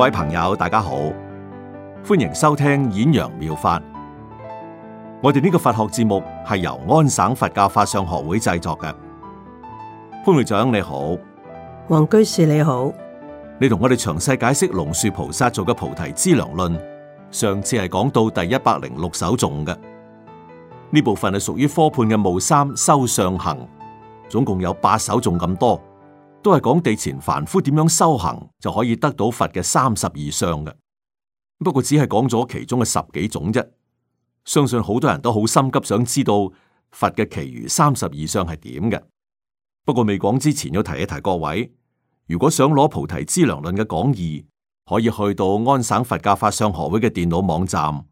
各位朋友，大家好，歡迎收聽演揚妙，妙法。我哋呢個佛學節目係由安省佛教法相學會製作嘅。潘會長你好，黃居士你好，你同我哋詳細解釋龍樹菩薩做嘅《菩提資糧論》。上次係講到第一百零六首頌嘅呢部分係屬於科判嘅無三修上行，總共有八首頌咁多。都係講地前凡夫點樣修行就可以得到佛嘅三十二相嘅，不過只係講咗其中嘅十幾種啫。相信好多人都好心急，想知道佛嘅其餘三十二相係點嘅。不過未講之前，要提一提各位，如果想攞菩提資糧論嘅講義，可以去到安省佛教法相學會嘅電腦網站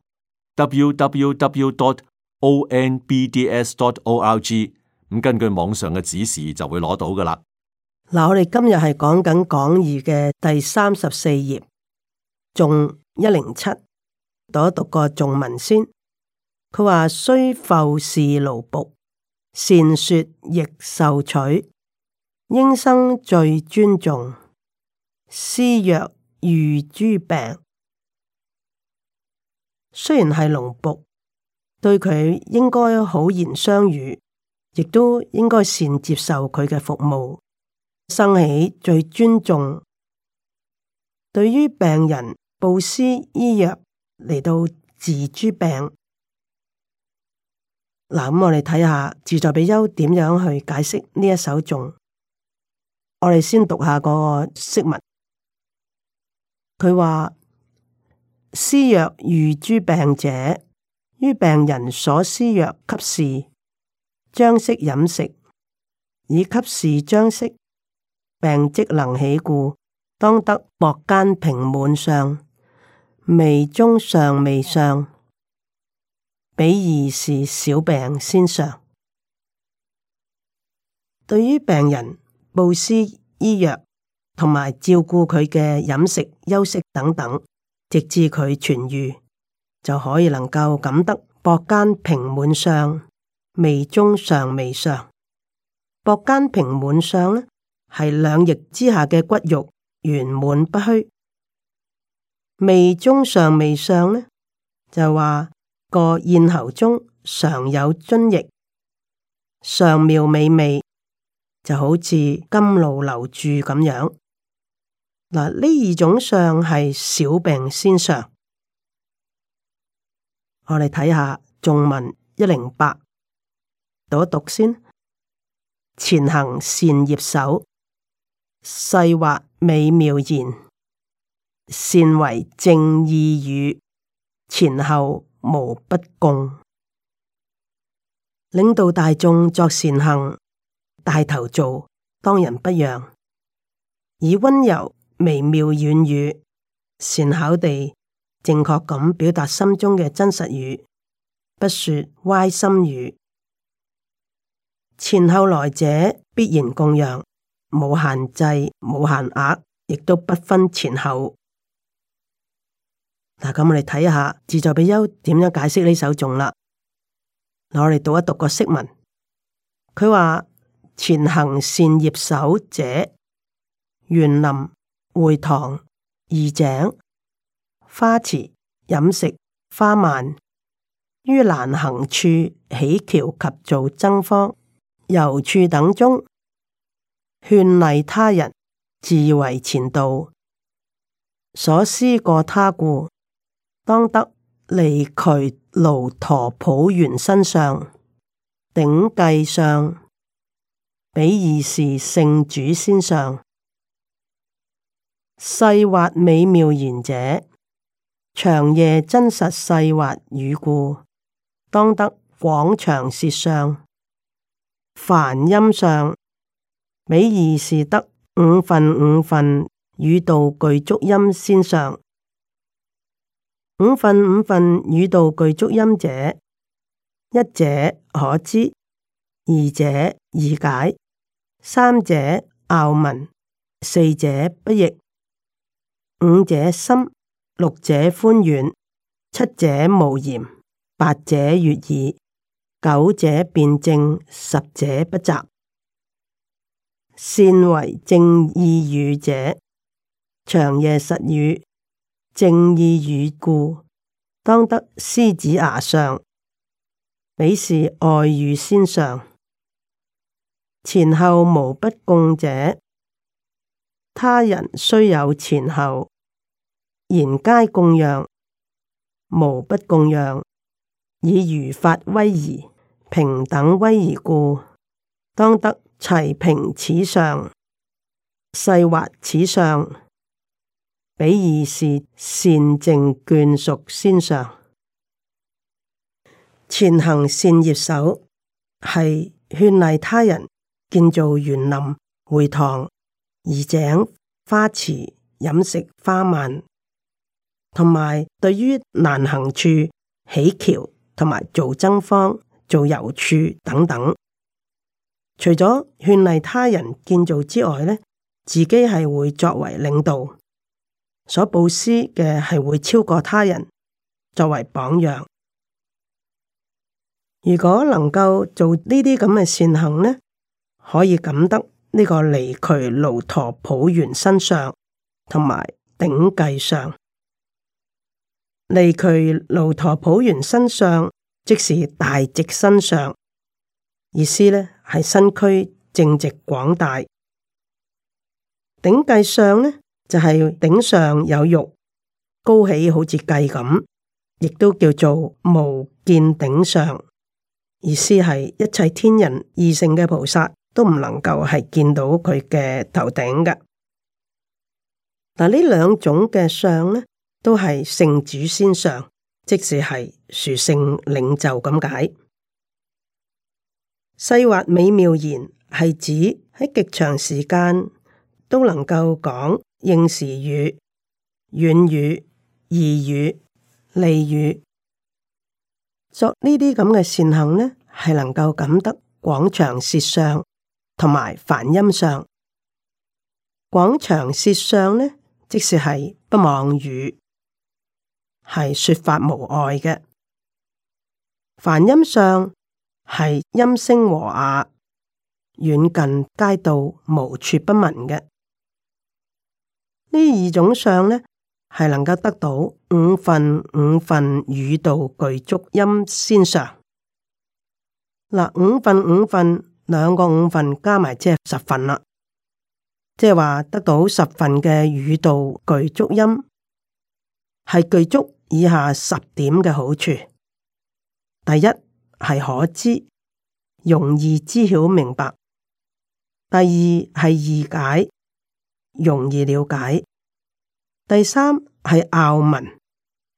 w w w dot o n b d s dot o r g，咁根據網上嘅指示就會攞到噶啦。嗱，我哋今日係講緊《講義》嘅第三十四頁，頌一零七，讀一讀個頌文先。佢話：雖浮是奴僕，善說亦受取，應生最尊重。師若遇諸病，雖然係奴僕，對佢應該好言相語，亦都應該善接受佢嘅服務。生起最尊重，對於病人布施醫藥嚟到治諸病。嗱，咁、嗯、我哋睇下自在比丘點樣去解釋呢一首頌。我哋先讀下嗰個釋文。佢話施藥愈諸病者，於病人所施藥給侍，將息飲食以給侍將息。病即能起故，當得薄間平滿上，味中尚未上，比而是小病先上。對於病人，布施醫藥同埋照顧佢嘅飲食、休息等等，直至佢痊愈，就可以能夠感得薄間平滿上，味中尚未上。薄間平滿上呢？係兩腋之下嘅骨肉圓滿不虛，味中上味上呢，就話個咽喉中常有津液，上妙美味就好似甘露流注咁樣。嗱，呢二種相係小病先上，我哋睇下仲文一零八，讀一讀先，前行善業手。細畫美妙言，善為正義語，前後無不共。領導大眾作善行，帶頭做，當仁不讓，以溫柔微妙軟語，善巧地正確咁表達心中嘅真實語，不說歪心語，前後來者必然共養。冇限制，冇限額，亦都不分前後。嗱，咁我哋睇下自在比丘點樣解釋呢首頌啦。嗱，我哋讀一讀個釋文，佢話：前行善業守者，園林會堂、義井、花池、飲食、花蔓，於難行處起橋及造僧坊、遊處等中。勸勵他人自為前導，所思過他故，當得離俱盧陀普，普圓身相頂髻相，比二是聖主先上細滑美妙言者，長夜真實細滑語故，當得廣長舌相，梵音相。美二是得五分五分語道具足音先上。五分五分語道具足音者，一者可知，二者易解，三者拗文，四者不易，五者深，六者寬遠，七者無言，八者悅耳，九者辯正，十者不雜。善為正義語者，長夜實語正義語故，當得獅子牙上，彼是愛語先上，前後無不共者。他人雖有前後，言皆共讓，無不共讓，以如法威儀平等威儀故，當得。齊平此上，細滑此上，比喻是善政眷屬先上。前行善業手係勸勵他人建造園林、會堂、移井、花池、飲食花縵，同埋對於難行處起橋，同埋做僧房、做遊處等等。除咗勸勵他人建造之外，呢自己係會作為領導所布施嘅係會超過他人，作為榜樣。如果能夠做呢啲咁嘅善行呢，可以感得呢個離俱盧陀普元身上，同埋頂髻上，離俱盧陀普元身上，即是大直身上。意思呢係身軀正直廣大，頂髻相呢，就係、是、頂上有肉高起好，好似髻咁，亦都叫做無見頂相。意思係一切天人二乘嘅菩薩都唔能夠係見到佢嘅頭頂嘅。嗱呢兩種嘅相呢，都係聖主先相，即使係殊勝領袖咁解。細滑美妙言，係指喺極長時間都能夠講應時語、軟語、易語、利語。作呢啲咁嘅善行呢，係能夠感得廣長舌相，同埋梵音相。廣長舌相呢，即係係不妄語，係說法無礙嘅梵音相係音聲和雅、啊，遠近皆到，無處不聞嘅。呢二種相呢，係能夠得到五份五份語道具足音先上。嗱，五份五份，兩個五份加埋即係十份啦。即係話得到十份嘅語道具足音，係具足以下十點嘅好處。第一，係可知，容易知曉明白。第二係易解，容易了解。第三係拗文，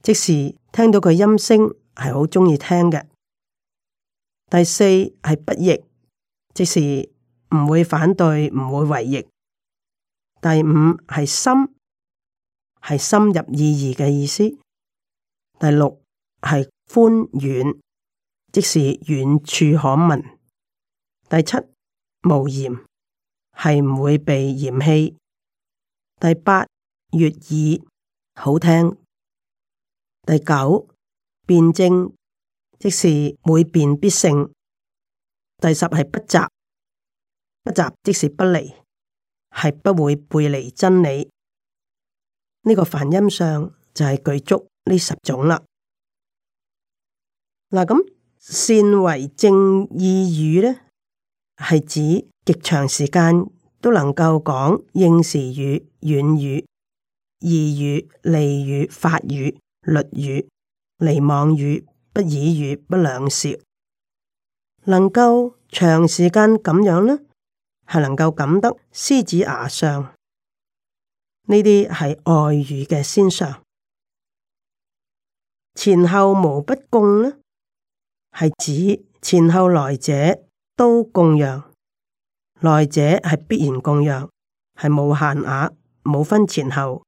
即是聽到佢音聲係好鍾意聽嘅。第四係不逆，即是唔會反對，唔會違逆。第五係深，係深入意義嘅意思。第六係寬遠。即是遠處可聞。第七無嫌，係唔會被嫌棄。第八悦耳好聽。第九辯正，即是每辯必勝。第十係不雜，不雜即是不離，係不會背離真理。呢、這個梵音上就係具足呢十種啦。嗱咁。善為正義語呢，係指極長時間都能夠講應時語、軟語、異語、利語、法語、律語、離妄語、不以語、不兩舌，能夠長時間咁樣呢，係能夠感得獅子牙上。呢啲係外語嘅先上，前後無不共啦。係指前後來者都供養，來者係必然供養，係無限額，冇分前後，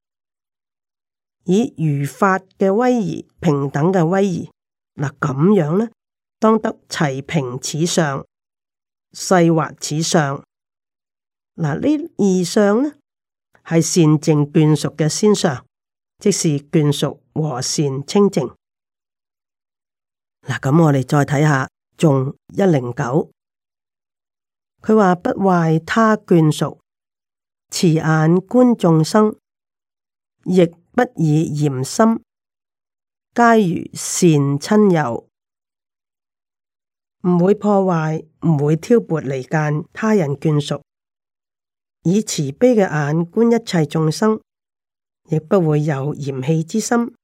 以如法嘅威儀、平等嘅威儀，嗱咁樣呢，當得齊平此相，細滑此相，嗱呢二相呢，係善正眷屬嘅先相，即是眷屬和善清淨。嗱，咁我哋再睇下，仲一零九，佢話 不壞他眷屬，慈眼觀眾生，亦不以嫌心，皆如善親友，唔會破壞，唔會挑撥離間他人眷屬，以慈悲嘅眼觀一切眾生，亦不會有嫌棄之心。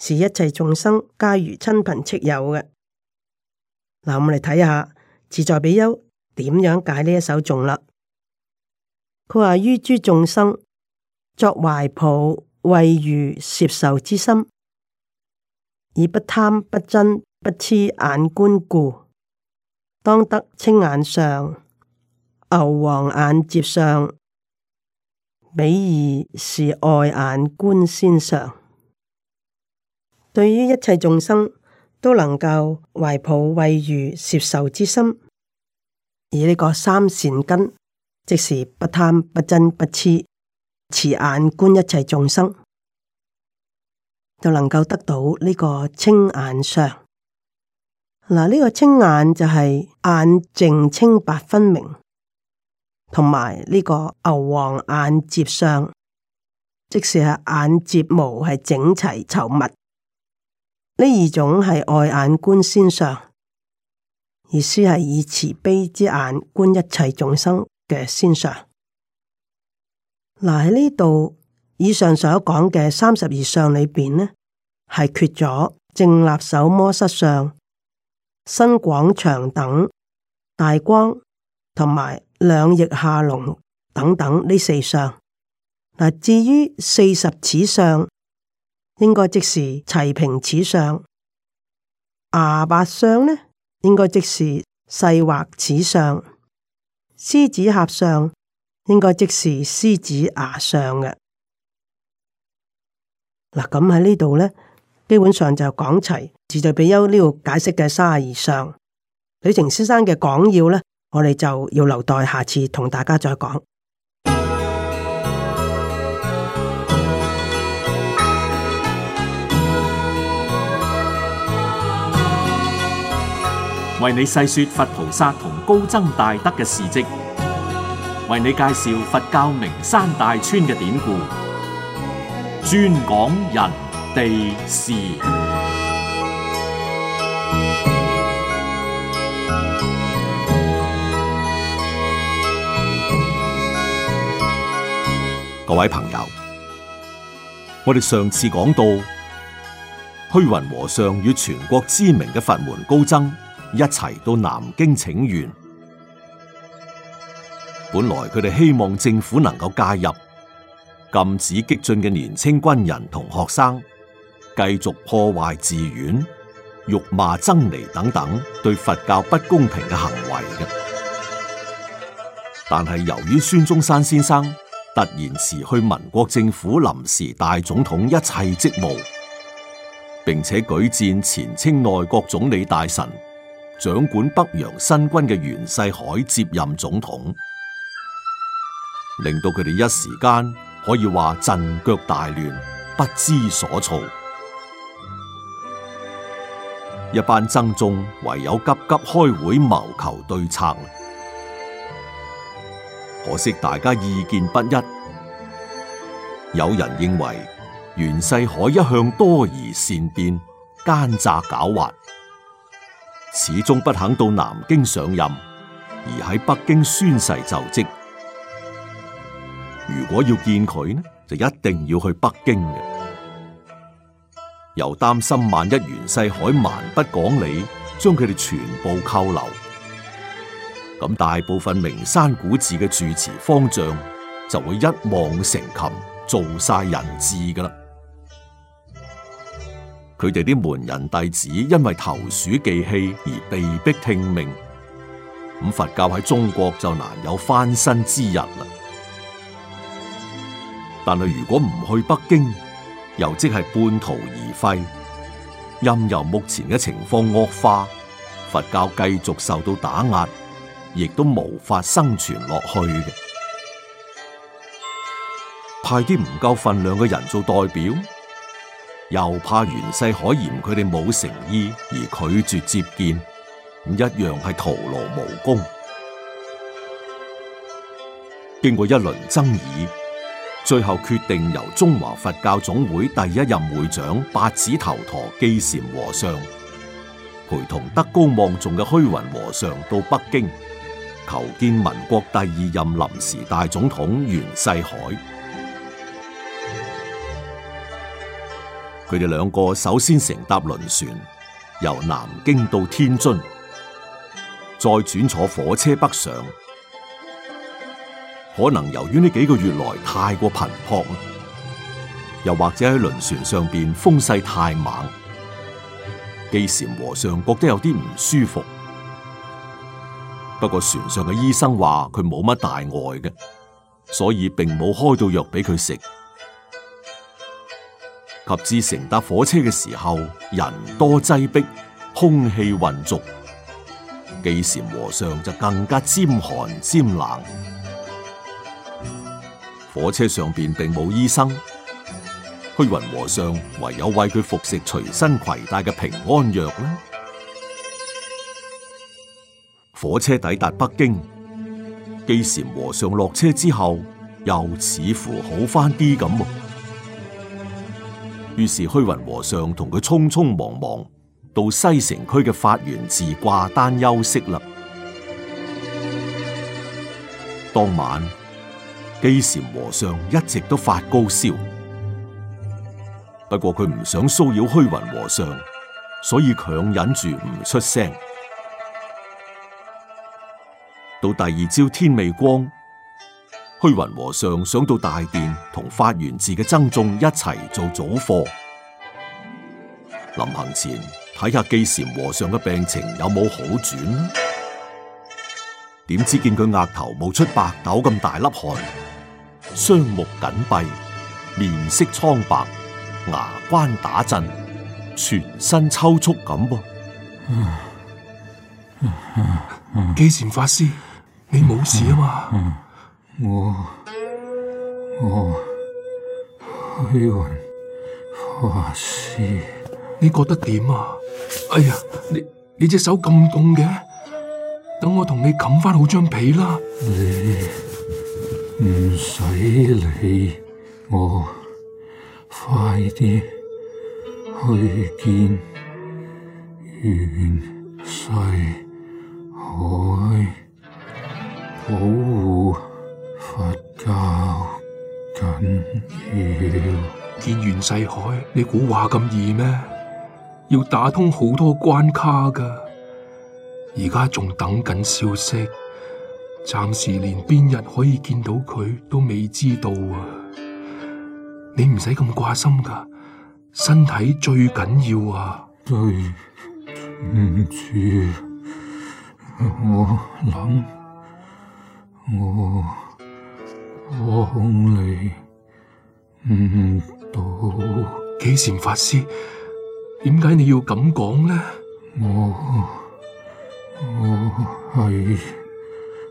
是一切眾生皆如親朋戚友嘅。嗱，我嚟睇下自在比丘點樣解呢一首頌啦。佢話，於諸眾生作懷抱，惠如攝受之心，以不貪不瞋不癡眼觀故，當得清眼相，牛王眼接上，比二是愛眼觀先上。對於一切眾生都能夠懷抱惠予攝受之心，而呢個三善根，即是不貪不嗔不痴，持眼觀一切眾生，就能夠得到呢個清眼相。嗱，呢個清眼就係眼淨清白分明，同埋呢個牛黃眼睫相，即是眼睫毛係整齊稠密。呢二種係外眼觀先相，意思係以慈悲之眼觀一切眾生嘅先相。嗱喺呢度，以上所講嘅三十二相裏邊呢，係缺咗正立手摩膝相、身廣長等、大光同埋兩腋下隆等等呢四相。嗱，至於四十齒相。應該即是齊平齒相，牙白相呢？應該即是細滑齒相，獅子合相？應該即是獅子牙相？嘅、啊。嗱，咁喺呢度呢，基本上就講齊自在比丘呢個解釋嘅三十二相。呂澂先生嘅講要呢，我哋就要留待下次同大家再講。為你細說佛菩薩同高僧大德嘅事跡，為你介紹佛教名山大川嘅典故，專講人地事。各位朋友，我哋上次講到虛雲和尚與全國知名嘅佛門高僧。一齊到南京請願。本來佢哋希望政府能夠介入，禁止激進嘅年輕軍人同學生繼續破壞寺院、辱罵僧尼等等對佛教不公平嘅行為嘅。但係由於孫中山先生突然辭去民國政府臨時大總統一切職務，並且舉薦前清內閣總理大臣。掌管北洋新軍嘅袁世凱接任總統，令到佢哋一時間可以話陣腳大亂，不知所措。一班僧眾唯有急急開會謀求對策。可惜大家意見不一，有人認為袁世凱一向多疑善變、奸詐狡猾。始終不肯到南京上任，而喺北京宣誓就職。如果要見佢呢，就一定要去北京嘅。又擔心萬一袁世凱蠻不講理，將佢哋全部扣留，咁大部分名山古寺嘅住持方丈就會一望成擒，做晒人質㗎喇。佢哋啲門人弟子因為投鼠忌器而被逼聽命，咁佛教喺中國就難有翻身之日啦。但係如果唔去北京，又即係半途而廢。任由目前嘅情況惡化，佛教繼續受到打壓，亦都無法生存落去嘅。派啲唔夠份量嘅人做代表。又怕袁世凱嫌佢哋冇誠意而拒絕接見，一樣係徒勞無功。經過一輪爭議，最後決定由中華佛教總會第一任會長八指頭陀寄禪和尚陪同德高望重嘅虛雲和尚到北京求見民國第二任臨時大總統袁世凱。佢哋兩個首先乘搭輪船，由南京到天津，再轉坐火車北上。可能由於呢幾個月來太過頻撲，又或者喺輪船上邊風勢太猛，寄禪和尚覺得有啲唔舒服。不過船上嘅醫生話佢冇乜大礙嘅，所以並冇開到藥俾佢食。及至乘搭火車嘅時候，人多擠逼，空氣混濁，寄禪和尚就更加沾寒沾冷。嗯、火車上邊並冇醫生，虛雲和尚唯有為佢服食隨身攜帶嘅平安藥啦。火車抵達北京，寄禪和尚落車之後，又似乎好翻啲咁。於是虛雲和尚同佢匆匆忙忙到西城區嘅法源寺掛單休息啦。當晚，寄禪和尚一直都發高燒，不過佢唔想騷擾虛雲和尚，所以強忍住唔出聲。到第二朝天未光。虛雲和尚想到大殿同法源寺嘅僧眾一齊做早課，臨行前睇下寄禪和尚嘅病情有冇好轉。點知見佢額頭冒出白豆咁大粒汗，雙目緊閉，面色蒼白，牙關打震，全身抽搐咁噃。寄禪 法師，你冇事啊嘛？我我虛雲法師，你覺得點啊？哎呀，你你隻手咁凍嘅，等我同你冚翻好張被啦。你唔使理我，快啲去見袁世凱保護。佛教緊要，見袁世海，你估話咁易咩？要打通好多關卡噶，而家仲等緊消息，暫時連邊日可以見到佢都未知道啊！你唔使咁掛心噶，身體最緊要啊！對唔住，我諗我。我好累，唔到。寄禪法師，點解你要咁講呢？我我係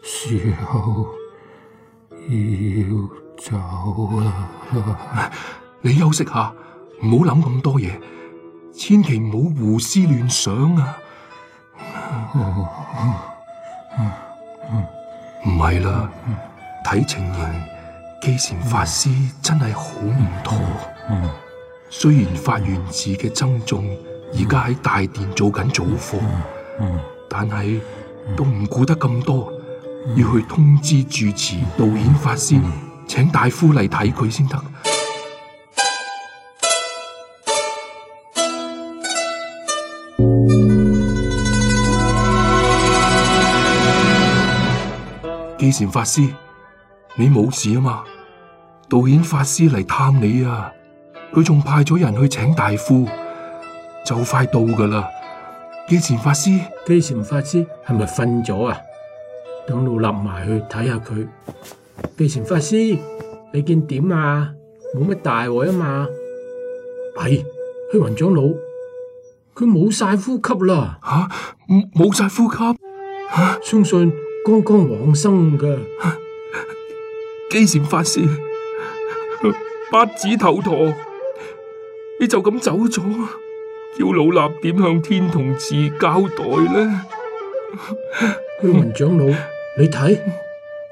時候要走啦。 你休息下，唔好諗咁多嘢，千祈唔好胡思亂想啊！唔係啦。睇情形，寄禪法師真係好唔妥嗯。嗯，雖然法源寺嘅僧眾而家喺大殿做緊早課，嗯嗯、但係都唔顧得咁多，要去通知住持、導演法師，請大夫嚟睇佢先得。嗯嗯嗯、寄禪法師。你冇事啊嘛？道演法師嚟探你啊，佢仲派咗人去請大夫，就快到噶啦。寄禪法師，寄禪法師係咪瞓咗啊？等老衲埋去睇下佢。寄禪法師，你見點啊？冇乜大礙啊嘛。係虛雲長老，佢冇晒呼吸啦。吓、啊，冇晒呼吸，啊、相信剛剛往生噶。啊寄禪法師，八指頭陀，你就咁走咗，叫老衲點向天童寺交代呢？虛雲長老， 你睇，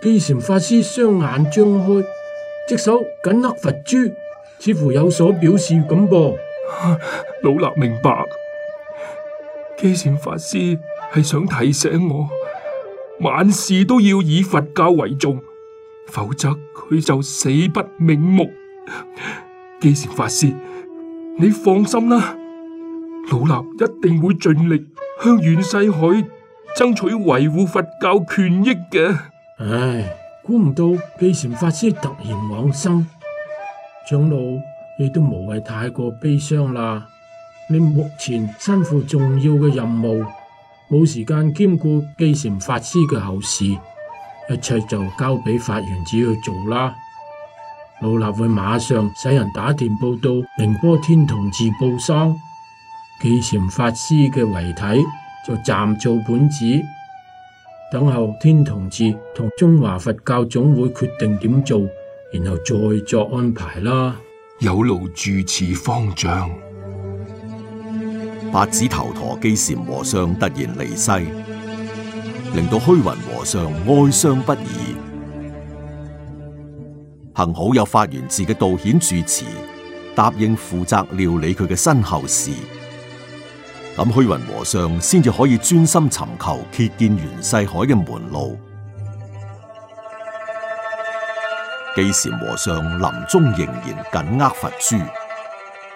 寄禪法師雙眼張開，隻手緊握佛珠，似乎有所表示咁噃。老衲明白，寄禪法師係想提醒我，萬事都要以佛教為重。否則佢就死不瞑目。寄禪法師，你放心啦，老衲一定會盡力向袁世凱爭取維護佛教權益嘅。唉，估唔到寄禪法師突然往生，長老亦都無謂太過悲傷啦。你目前身負重要嘅任務，冇時間兼顧寄禪法師嘅後事。一切就交俾法源寺去做啦。老衲會馬上使人打電報到寧波天童寺報喪，寄禪法師嘅遺體就暫做本寺，等候天童寺同中華佛教總會決定點做，然後再作安排啦。有勞住持方丈，八指頭陀寄禪和尚突然離世。令到虛雲和尚哀傷不已，幸好有法源寺嘅道顯住持答應負責料理佢嘅身後事，咁虛雲和尚先至可以專心尋求謁見袁世凱嘅門路。寄禪和尚臨終仍然緊握佛珠，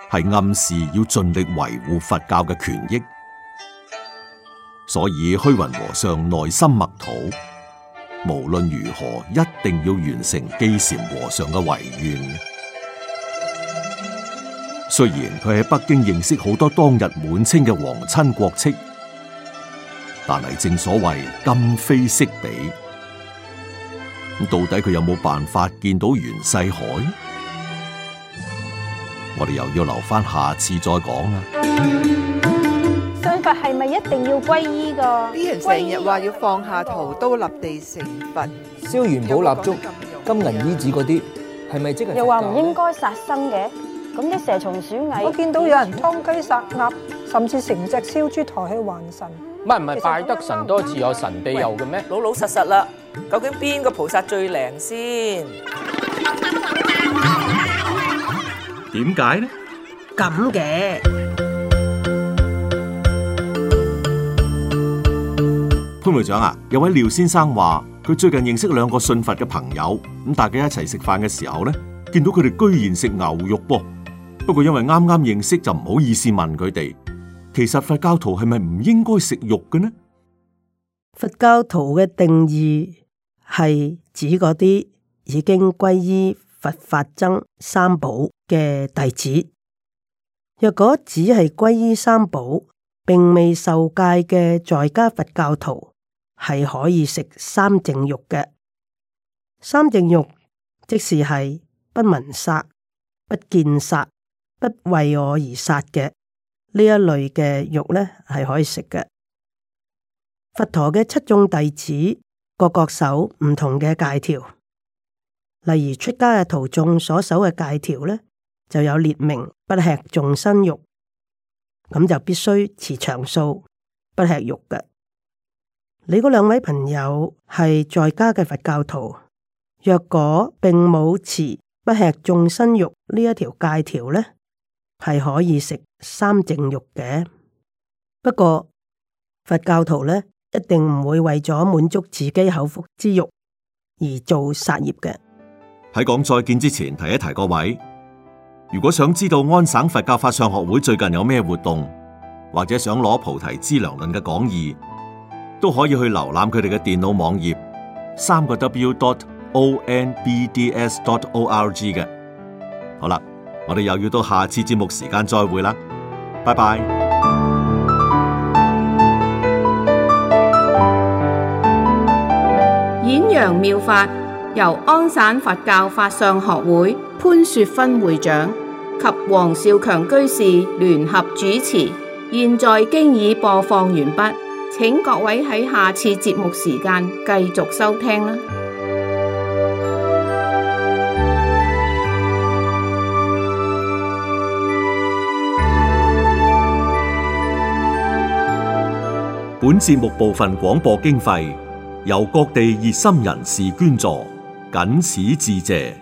係暗示要盡力維護佛教嘅權益。所以虛雲和尚內心默禱，無論如何一定要完成寄禪和尚嘅遺願。雖然佢喺北京認識好多當日滿清嘅皇親國戚，但係正所謂今非昔比，咁到底佢有冇辦法見到袁世凱？我哋又要留翻下，下次再講啦。佛係咪一定要皈依噶？啲人成日話要放下屠刀立地成佛，燒元寶蠟燭、金銀衣紙嗰啲，係咪即係？又話唔應該殺生嘅，咁啲蛇蟲鼠蟻，我見到有人劏雞殺鴨，甚至成隻燒豬抬去還神。唔係唔係，拜得神多自有神庇佑嘅咩？老老實實啦，究竟邊個菩薩最靈先？點解呢？咁嘅。潘會長啊，有位廖先生話佢最近認識兩個信佛嘅朋友，咁大家一齊食飯嘅時候咧，見到佢哋居然食牛肉噃。不過因為啱啱認識就唔好意思問佢哋，其實佛教徒係咪唔應該食肉嘅呢？佛教徒嘅定義係指嗰啲已經歸依佛法僧三寶嘅弟子。若果只係歸依三寶，並未受戒嘅在家佛教徒。係可以食三淨肉嘅，三淨肉即是係不聞殺、不見殺、不為我而殺嘅，呢一類嘅肉呢係可以食嘅。佛陀嘅七眾弟子各各守唔同嘅戒條，例如出家嘅徒眾所守嘅戒條呢，就有列明不吃眾生肉，咁就必須持長素，不吃肉嘅。你嗰兩位朋友係在家嘅佛教徒，若果並冇持不吃眾生肉呢一條戒條咧，係可以食三淨肉嘅。不過佛教徒咧一定唔會為咗滿足自己口腹之欲而做殺業嘅。喺講再見之前，提一提各位，如果想知道安省佛教法相學會最近有咩活動，或者想攞《菩提資糧論》嘅講義。都可以去瀏覽佢哋嘅電腦網頁，三個 w.dot.o.n.b.d.s.dot.o.r.g 嘅。好啦，我哋又要到下次節目時間再會啦，拜拜。演揚妙法由安省佛教法相學會潘雪芬會長及黃少強居士聯合主持，現在經已播放完畢。請各位喺下次節目時間繼續收聽啦。本節目部分廣播經費由各地熱心人士捐助，謹此致謝。